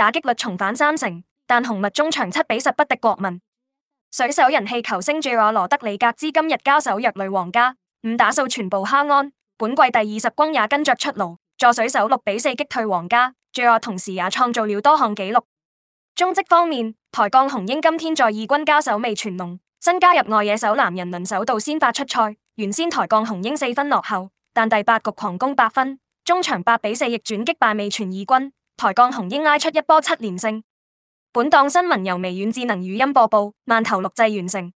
打擊率重返三成，但紅襪終場七比十不敵國民。水手人氣球星最我羅德里格茲今日交手弱旅皇家，五打數全部敲安，本季第二十轟也跟着出爐。助水手六比四擊退皇家，最我同時也創造了多項紀錄。中職方面，台鋼雄鷹今天在二軍交手味全龍，新加入外野手藍寅倫首度先發出賽。原先台鋼雄鷹四分落後，但第八局狂攻八分，終場八比四逆轉擊敗味全二軍。台鋼雄鷹拉出一波七連勝。本檔新聞由微軟智能語音播報，慢頭錄製完成。